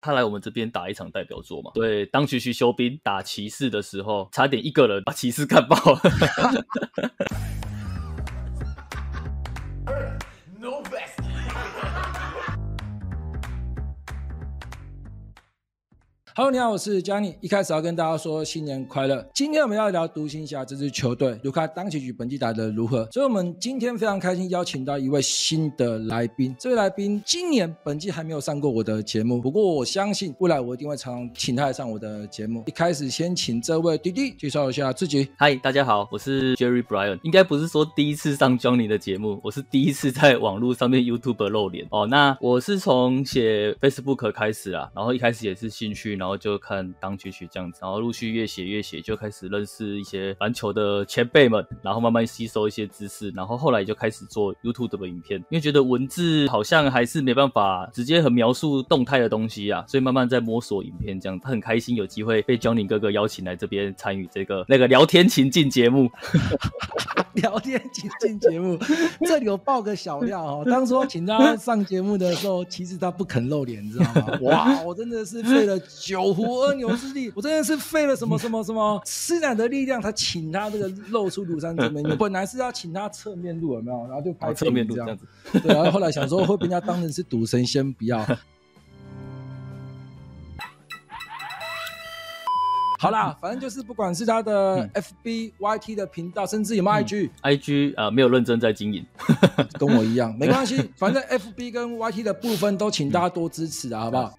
他來我們這邊打一場代表作嘛？對，當徐徐修兵打騎士的時候，差點一個人把騎士幹爆了。 Hello，你好，我是 Johnny。一開始要跟大家說新年快樂。今天我們要聊獨行俠這支球隊，盧卡當前局本季打得如何。所以，我們今天非常開心邀請到一位新的來賓。這位、個、來賓今年本季還沒有上過我的節目，不過我相信未來我一定會常常請他來上我的節目。一開始先請這位弟弟介紹一下自己。嗨，大家好，我是 Jerry Bryant。應該不是說第一次上 Johnny 的節目，我是第一次在網絡上面 YouTube 露臉哦。那我是從寫 Facebook 開始啊，然後一開始也是興趣呢。然後然後就看當曲曲這樣子，然後陸續越寫越寫，就開始認識一些籃球的前輩們，然後慢慢吸收一些知識，然後後來就開始做 YouTube 的影片，因為覺得文字好像還是沒辦法直接很描述動態的東西啊，所以慢慢在摸索影片這樣子。他很開心有機會被 Johnny 哥哥邀請來這邊參與這個那個聊天情境節目， 聊天情境節目，這裡我爆個小料哦。當初請他上節目的時候，其實他不肯露臉，你知道嗎？哇，我真的是費了九有福恩有師弟，我真的是費了什麼什麼什麼吃奶的力量才請他這個露出廬山真面目。 你本來是要請他側面路有沒有？然後就拍側、啊、面這樣子。對、啊，然後後來想說會被人家當成是賭神，先不要。 好啦，反正就是不管是他的 F B、嗯、Y T 的頻道，甚至有沒有 I G、嗯、I G 呃，沒有認真在經營， 跟我一樣沒關係。反正 F B 跟 Y T 的部分都請大家多支持啊，好不好？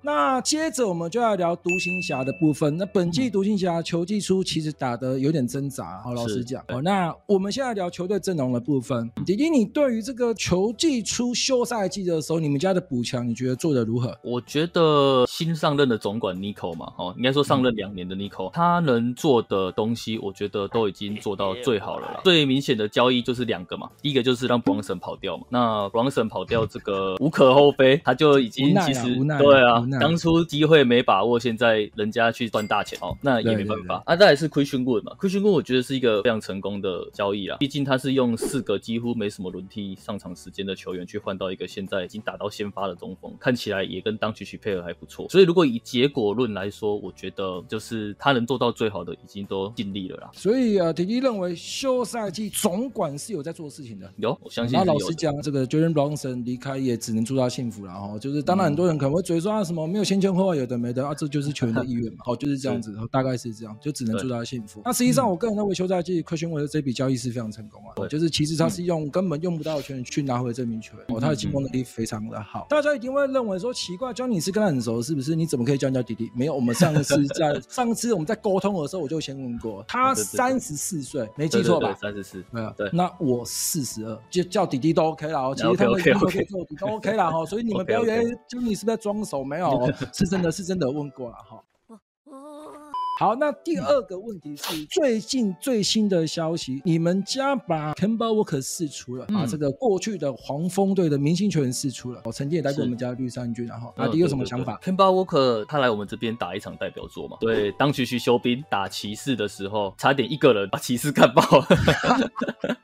那接着我們就要聊獨行俠的部分。那本季獨行俠球季初其實打得有點掙扎，好、哦，老實講、哦。那我們現在聊球隊陣容的部分。迪迪、嗯，弟弟你對於這個球季初休賽季的時候，你們家的補強，你覺得做得如何？我覺得新上任的總管 Nico 嘛，哦，應該說上任兩年的 Nico、嗯、他能做的東西，我覺得都已經做到最好了啦。最明顯的交易就是兩個嘛，第一個就是讓 Brunson 跑掉嘛。那 Brunson 跑掉這個無可厚非， 他就已經其實、無奈了、對啊。當初機會沒把握，現在人家去賺大錢哦，那也沒辦法。對對對啊，再來是 Christian Wood 嘛。Christian Wood 我覺得是一個非常成功的交易啦。畢竟他是用四個幾乎沒什麼輪替上場時間的球員去換到一個現在已經打到先發的中鋒，看起來也跟東契奇配合還不錯。所以如果以結果論來說，我覺得就是他能做到最好的已經都盡力了啦。所以啊，鐵、呃、弟認為休賽季總管是有在做事情的。有，我相信。啊、嗯，老實講，這個 Jalen Brunson 離開也只能祝他幸福啦。哈。就是當然很多人可能會嘴說他什麼。我沒有先前後後有的沒的啊，這就是球員的意願嘛。哦就是這樣子，然後大概是這樣，就只能祝他幸福。那實際上我個人認為休賽季，克星維的這筆交易是非常成功啊，對，就是其實他是用根本用不到的球員去拿回這名球員，哦，他的進攻能力非常的好。大家一定會認為說奇怪，Jerry 是跟他很熟，是不是？你怎麼可以叫你叫弟弟？沒有，我們上次在上次我們在溝通的時候，我就先問過，他三十四歲，沒記錯吧？三十四，沒有對，那我四十二，就叫弟弟都 OK 了哦。其實他們都可以做弟弟都 OK 了哦，所以你們不要以為 Jerry 是在裝熟，沒有。哦， 是真的，是真的，問過了齁。好，那第二個問題是、嗯、最近最新的消息，你們家把 Kemba Walker 釋出了，嗯、把這個過去的黃蜂隊的明星球員釋出了。我曾經也待過我們家綠衫軍，是然後阿迪有什麼想法、嗯、Kemba Walker 他來我們這邊打一場代表作嘛？對，當徐徐修，修兵打騎士的時候，差點一個人把騎士幹爆了。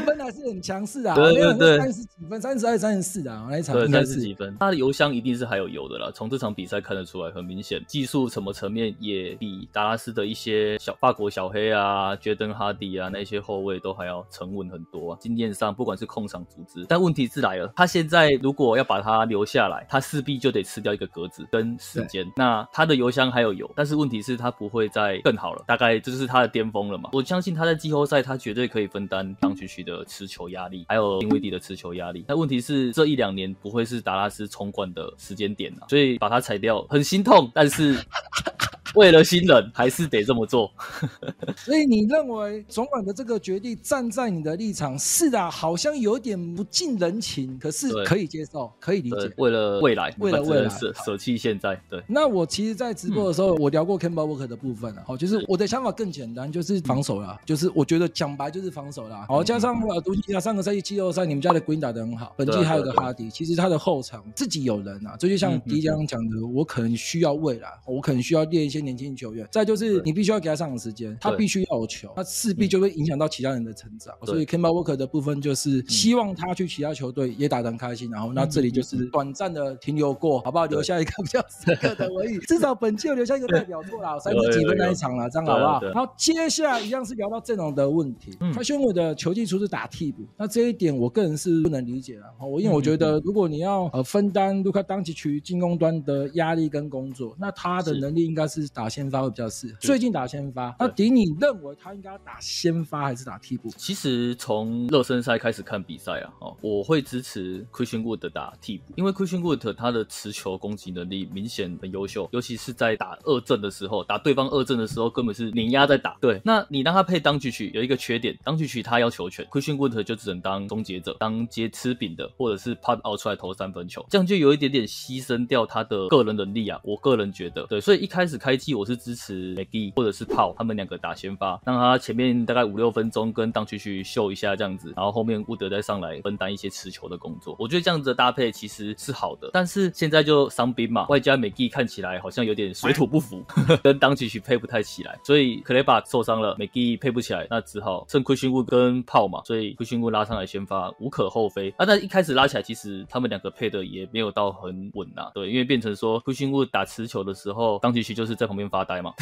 分還是很強勢啊，對對對，三十幾分，三十二、三十四啊，來一場三十幾分，他的油箱一定是還有油的啦。從這場比賽看得出來，很明顯技術什麼層面也比。達拉斯的一些小法國小黑啊，傑登哈迪啊，那些後衛都還要沉穩很多啊，經驗上不管是控場組織，但問題是來了，他現在如果要把他留下來，他勢必就得吃掉一個格子跟時間。對那他的油箱還有油，但是問題是他不會再更好了，大概這是他的巔峰了嘛？我相信他在季後賽他絕對可以分擔東契奇的持球壓力，還有丁威迪的持球壓力。但問題是這一兩年不會是達拉斯衝冠的時間點了，啊，所以把他裁掉很心痛，但是。 為了新人，還是得這麼做。 所以你認為總管的這個決定，站在你的立場，是啊，好像有點不近人情，可是可以接受，對可以理解。為了未來，為了未來，捨棄現在。對。那我其實，在直播的時候，嗯、我聊過 Kemba Walker 的部分了。哦、喔，就是我的想法更簡單，就是防守啦。對就是我覺得講白就是防守啦。好、喔，加上獨行、嗯嗯、上個賽季季後賽，你們家的 Green 打得很好。本季還有個哈迪，其實他的後場自己有人啊。就是嗯、這就像迪江講的，我可能需要未來，我可能需要練一些，年輕球員，再就是你必須要給他上場時間對，他必須要有球，那勢必就會影響到其他人的成長。對所以 Kemba Walker 的部分就是希望他去其他球隊也打得很開心。然後，那這裡就是短暫的停留過，好不好？對留下一個比較深刻的回憶，對至少本屆留下一個代表作啦， 三十幾分那一場啦，對對對，這樣好不好？好，接下來一樣是聊到陣容的問題。對對對，他雄偉的球技出是打替補，那這一點我個人是不能理解的。我因為我覺得，如果你要呃分擔 Luka Dončić 在進攻端的壓力跟工作，那他的能力應該是。打先發會比較適合。對最近打先發，那迪對，你認為他應該打先發還是打替補？其實從熱身賽開始看比賽啊，哦，我會支持 Christian Wood 打替補，因為 Christian Wood 他的持球攻擊能力明顯很優秀，尤其是在打二陣的時候，打對方二陣的時候根本是碾壓在打。對，那你讓他配當局曲有一個缺點，當局曲他要求全 Christian Wood 就只能當終結者，當接吃餅的或者是 pop out 出來投三分球，這樣就有一點點犧牲掉他的個人能力啊。我個人覺得，對，所以一開始開。我是支持麥基或者是炮，他們兩個打先發，讓他前面大概五六分鐘跟東契奇秀一下這樣子，然後後面伍德再上來分擔一些持球的工作。我覺得這樣子的搭配其實是好的，但是現在就傷兵嘛，外加麥基看起來好像有點水土不服，呵呵，跟東契奇配不太起來，所以克雷巴受傷了，麥基配不起來，那只好趁庫辛烏跟炮嘛，所以庫辛烏拉上來先發無可厚非。啊，但一開始拉起來其實他們兩個配的也沒有到很穩吶，對，因為變成說庫辛烏打持球的時候，東契奇就是在。旁邊發呆嘛，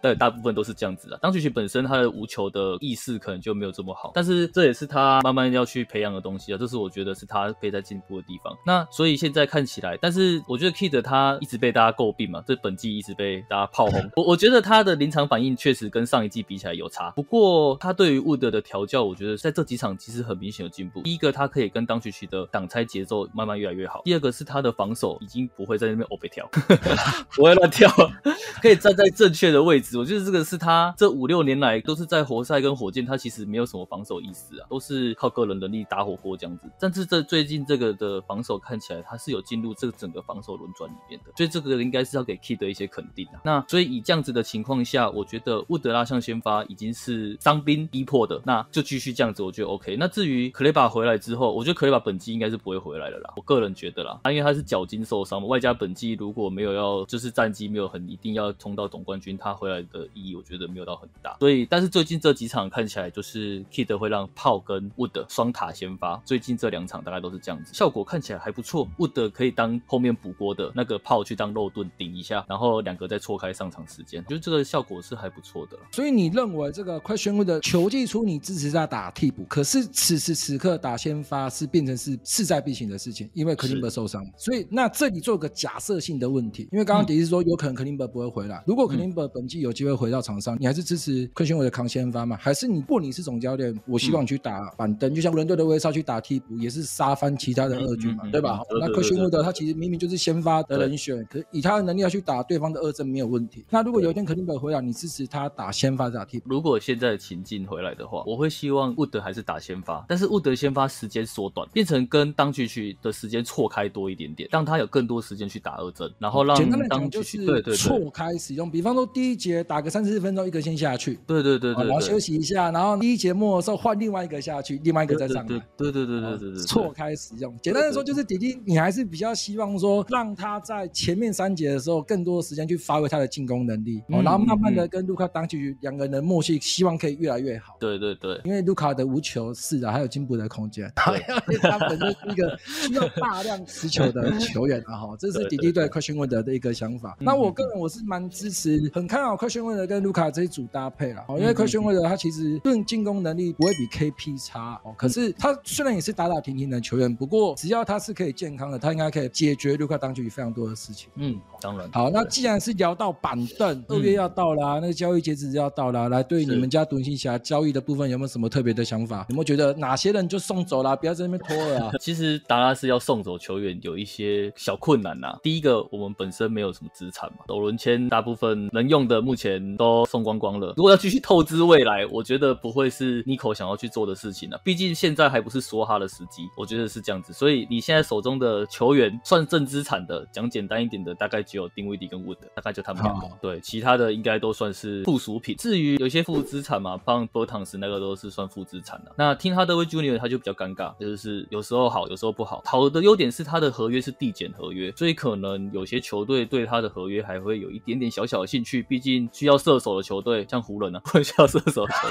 但 大部分都是這樣子啦。東契奇本身他的無球的意識可能就沒有這麼好，但是這也是他慢慢要去培養的東西啊，這是我覺得是他可以再進步的地方。那所以現在看起來，但是我覺得 Kid 他一直被大家詬病嘛，這本季一直被大家炮轟。我我覺得他的臨場反應確實跟上一季比起來有差，不過他對於 Wood 的調教，我覺得在這幾場其實很明顯有進步。第一個，他可以跟東契奇的擋拆節奏慢慢越來越好；第二個是他的防守已經不會在那邊歐北跳，不會亂跳。 可以站在正確的位置，我覺得這個是他這五六年來都是在活塞跟火箭，他其實沒有什麼防守意識啊，都是靠個人能力打火鍋這樣子。但是這最近這個的防守看起來他是有進入這個整個防守輪轉裡面的，所以這個應該是要給 Kidd 的一些肯定啊。那所以以這樣子的情況下，我覺得烏德拉向先發已經是傷兵逼迫的，那就繼續這樣子，我覺得 OK。那至於 Kleber 回來之後，我覺得 Kleber 本季應該是不會回來的啦，我個人覺得啦，他、啊、因為他是腳筋受傷嘛，外加本季如果沒有要就是戰績沒有很一定要。要衝到總冠軍，他回來的意義我覺得沒有到很大。所以，但是最近這幾場看起來就是 Kid 會讓炮跟 Wood 雙塔先發。最近這兩場大概都是這樣子，效果看起來還不錯。Wood 可以當後面補鍋的那個炮去當肉盾頂一下，然後兩個再錯開上場時間，就這個效果是還不錯的。所以你認為這個 Christian Wood 的球技出，你支持他打替補？可是此時此刻打先發是變成是勢在必行的事情，因為克林伯受傷。所以那這裡做個假設性的問題，因為剛剛迪是說有可能克林伯不會。回來，如果克林巴本季有機會回到場上，嗯、你還是支持克林伍德扛先發嗎？還是你不？你是總教練，我希望你去打板凳，嗯、就像倫隊的威少去打替補，也是殺翻其他的二軍嘛，嗯嗯嗯嗯對吧？了那克林伍德他其實明明就是先發的人選，對可以他的能力要去打對方的二陣沒有問題。對那如果有一天克林巴回來，你支持他打先發打替補？如果現在的情境回來的話，我會希望沃德還是打先發，但是沃德先發時間縮短，變成跟東契奇的時間錯開多一點點，讓他有更多時間去打二陣，然後讓東契奇對對,對對對。開使用，比方說第一節打個三十四分鐘，一個先下去，對對,對對對對，然後休息一下，然後第一節末的時候換另外一個下去，另外一個再上來，對對對對對對錯開使用。對對對對簡單的說，就是迪迪，你還是比較希望說讓他在前面三節的時候更多時間去發揮他的進攻能力、嗯喔，然後慢慢的跟盧卡當起兩個人的默契，希望可以越來越好。對,對對對，因為盧卡的無球是的、啊，還有進步的空間，對因為他本身是一個用大量持球的球員啊哈。 這是迪迪對 Christian Wood 的一個想法。對對對對那我個人我是。蠻支持，很看好 Christian Wood 跟盧卡這一組搭配啦哦，因為 Christian Wood 他其實論進攻能力不會比 KP 差哦，可是他雖然也是打打停停的球員，不過只要他是可以健康的，他應該可以解決盧卡當局非常多的事情。嗯，當然。好，對那既然是聊到板凳，二月要到啦，嗯、那個交易截止日要到啦，來，對於你們家獨行俠交易的部分有沒有什麼特別的想法？是有沒有覺得哪些人就送走了，不要在那邊拖了，啊？其實達拉斯要送走球員有一些小困難吶，啊，第一個我們本身沒有什麼資產嘛，首輪籤。大部分能用的目前都送光光了。如果要繼續透支未來，我覺得不會是 Nico 想要去做的事情了、啊，畢竟現在還不是梭哈的時機。我覺得是這樣子。所以你現在手中的球員算正資產的，講簡單一點的，大概只有丁威迪跟 Wood，大概就他們兩個。對，其他的應該都算是附屬品。至於有些負資產嘛，胖 Bertans 那個都是算負資產了、啊。那 Tim Hardaway Junior，他就比較尷尬，就是有時候好，有時候不好。好的優點是他的合約是遞減合約，所以可能有些球隊對他的合約還會有一點點小小的興趣，畢竟需要射手的球隊，像湖人、啊、會需要射手的球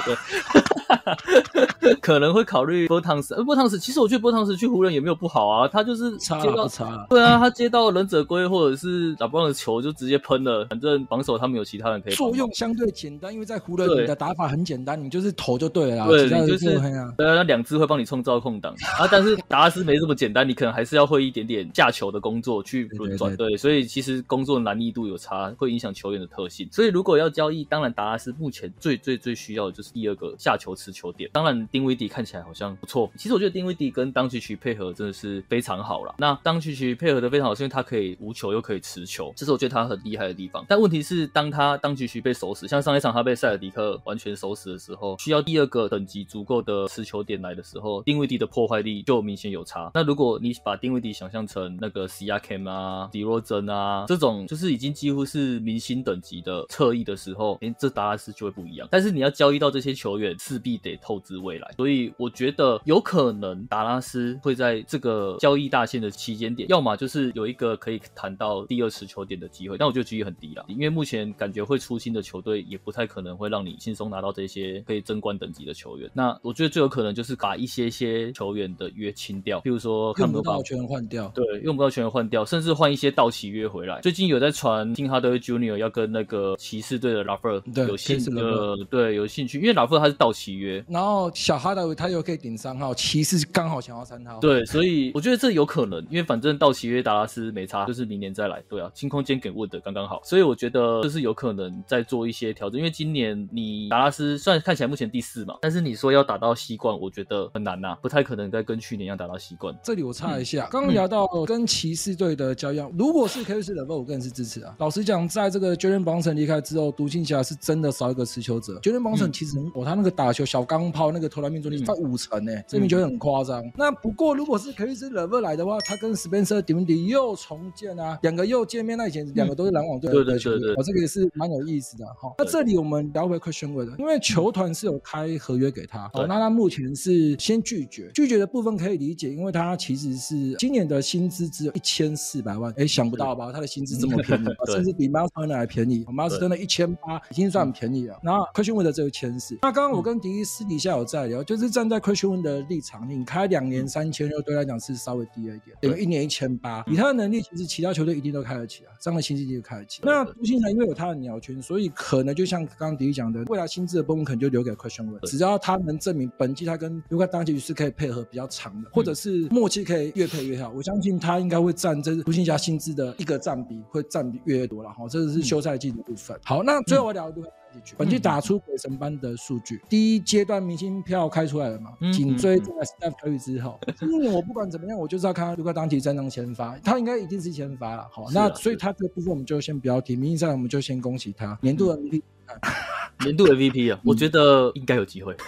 隊， 可能會考慮波湯斯。波湯斯其實我覺得波湯斯去湖人也沒有不好啊，他就是接到差不差。對啊，他接到忍者龜或者是打不上的球就直接噴了，反正防守他們有其他人可以。作用相對簡單，因為在湖人你的打法很簡單，對你就是投就對了。對，就是。啊對啊，那兩隻會幫你創造空檔啊，但是達拉斯沒這麼簡單，你可能還是要會一點點架球的工作去輪轉。對，對，對，對，對，所以其實工作難易度有差。會影響球員的特性，所以如果要交易，當然達拉斯目前最最最需要的就是第二個下球持球點。當然，丁威迪看起來好像不錯，其實我覺得丁威迪跟東契奇配合真的是非常好啦。那東契奇配合的非常好，是因為他可以無球又可以持球，這是我覺得他很厲害的地方。但問題是，當他東契奇被守死，像上一場他被塞爾迪克完全守死的時候，需要第二個等級足夠的持球點來的時候，丁威迪的破壞力就明顯有差。那如果你把丁威迪想象成那個 Siakam 啊、DeRozan 啊這種，就是已經幾乎是。明星等級的側翼的時候，連、欸、這達拉斯就會不一樣。但是你要交易到這些球員，勢必得透支未來。所以我覺得有可能達拉斯會在這個交易大限的期間點，要麼就是有一個可以談到第二持球點的機會。但我覺得幾率很低啦，因為目前感覺會出新的球隊也不太可能會讓你輕鬆拿到這些可以爭冠等級的球員。那我覺得最有可能就是把一些些球員的約清掉，比如說用不到全換掉，對，用不到全換掉，甚至換一些到期約回來。最近有在傳，聽他的。Junior 要跟那個騎士隊的 LeVert，對，有興信呃，對，有興趣，因為 LeVert 他是到期約，然後小 Hardaway 他又可以頂三號，騎士剛好想要三號，對，所以我覺得這有可能，因為反正到期約達拉斯沒差，就是明年再來，對啊，清空間，給沃德剛剛好，所以我覺得就是有可能再做一些調整，因為今年你達拉斯算看起來目前第四嘛，但是你說要打到西冠，我覺得很難吶、啊，不太可能再跟去年一樣打到西冠。這裡我插一下，嗯、剛剛聊到跟騎士隊的交易，嗯、如果是 Caris LeVert，我更是支持啊，老實講。在這個 Jalen Brunson 離開之後，獨行俠是真的少一個持球者。Jalen Brunson 其實很，我、哦、他那個打球小鋼炮，那個投籃命中率在五成呢、欸，嗯、這我覺得很誇張。嗯、那不過如果是 Kyrie Irving 來的話，他跟 Spencer Dinwiddie 又重建啊，兩個又見面，那以前兩個都是籃網隊的、嗯、對，對，對，對，對對。我、哦、這個也是蠻有意思的哈。哦、對那這裡我們聊回 Christian Wood，因為球團是有開合約給他，好對、哦，那他目前是先拒絕，拒絕的部分可以理解，因為他其實是今年的薪資只有一千四百萬，哎，想不到吧，對他的薪資這麼便宜， 對甚至比。m o u 的還便宜 m o 真的1800已經算很便宜了。對然後 Christian Wood 的只有14，那剛剛我跟迪迪私底下有在聊，就是站在 Christian Wood 的立場，你開兩年3600，就對他來講是稍微低了一點，等於一年1800，以他的能力，其實其他球隊一定都開得起啊，這個薪資就開得起。那獨行俠因為有他的鳥權，所以可能就像剛剛迪迪講的，未來薪資的部分可能就留給 Christian Wood< 對>，只要他能證明本季他跟 Luka 當季是可以配合比較長的，或者是默契可以越配越好，我相信他應該會占這獨行俠薪資的一個占比會占比越來越多了。這只是休賽季的部分。嗯、好，那最後我聊的幾句。嗯、本期打出鬼神般的數據，嗯、第一階段明星票開出來了嘛。緊、嗯嗯嗯、追在 Steph Curry、嗯嗯、之後。今年、嗯、我不管怎麼樣，我就是要看他如果當起三張先發，他應該一定是先發了。好，啊、那所以他這個部分我們就先不要提，名義上我們就先恭喜他、嗯、年度的 MVP。 年度 MVP 啊，我覺得應該有機會。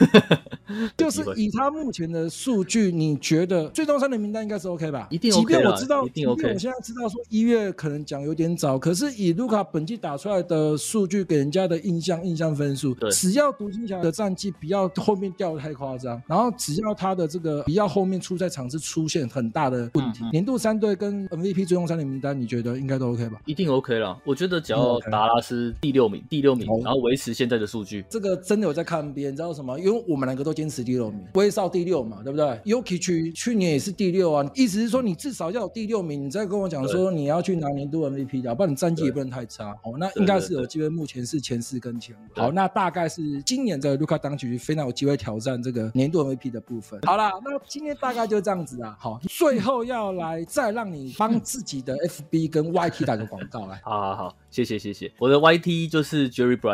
就是以他目前的數據，你覺得最終三的名單應該是 OK 吧？一定、OK、即便我知道，OK、即便我現在知道說一月可能講有點早，可是以盧卡本季打出來的數據給人家的印象，印象分數，對只要獨行俠的戰績不要後面掉得太誇張，然後只要他的這個不要後面出賽場次出現很大的問題，嗯嗯年度三隊跟 MVP 最終三的名單，你覺得應該都 OK 吧？一定 OK 了。我覺得只要達拉斯第六名，第六名，嗯、然後。維持現在的數據，這個真的有在看。邊，你知道什麼？因為我們兩個都堅持第六名，威少第六嘛，對不對？Yuki 區去，去年也是第六啊。意思是說，你至少要有第六名，你再跟我講說你要去拿年度 MVP 的，對不然你戰績也不能太差。對哦，那應該是有機會，目前是前四跟前五。對對對好，那大概是今年的 Luka 當局非常有機會挑戰這個年度 MVP 的部分。對好啦，那今天大概就這樣子啊。 好，最後要來再讓你幫自己的 FB 跟 YT 打個廣告 來。好好好，謝謝謝謝。我的 YT 就是 Jerry Bryant。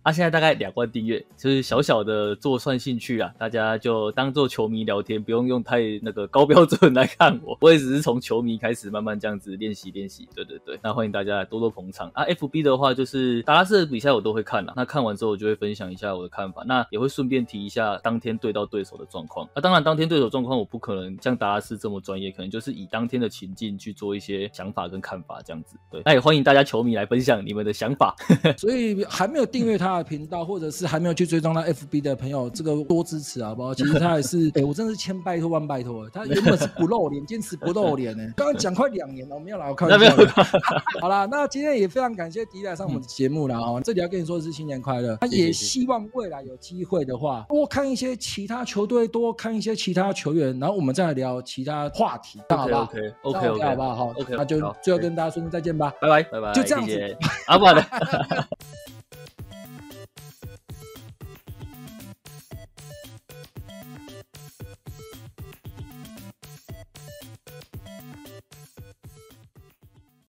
啊，現在大概兩萬訂閱，就是小小的做算興趣啊，大家就當做球迷聊天，不用用太那個高標準來看我。我也只是從球迷開始，慢慢這樣子練習練習。對對對，那歡迎大家來多多捧場啊。FB 的話，就是達拉斯的比賽我都會看啦，啊，那看完之後我就會分享一下我的看法，那也會順便提一下當天對到對手的狀況。那、啊、當然，當天對手狀況我不可能像達拉斯這麼專業，可能就是以當天的情境去做一些想法跟看法這樣子。對，那也歡迎大家球迷來分享你們的想法。所以還沒有訂閱他。 大頻道，或者是還沒有去追蹤到 FB 的朋友，這個多支持好不好？其實他也是，我真的是千拜托萬拜托，他原本是不露臉，堅持不露臉呢。剛剛講快兩年了，我們要來看一下了。好了，那今天也非常感謝迪來上我們的節目了哦。這裡要跟你說的是新年快樂，他也希望未來有機會的話，多看一些其他球隊，多看一些其他球員，然後我們再來聊其他話題，這樣好不好？OK OK 好吧 OK，好，那就最後跟大家說聲再見吧，拜拜拜拜，就這樣子，好不好的。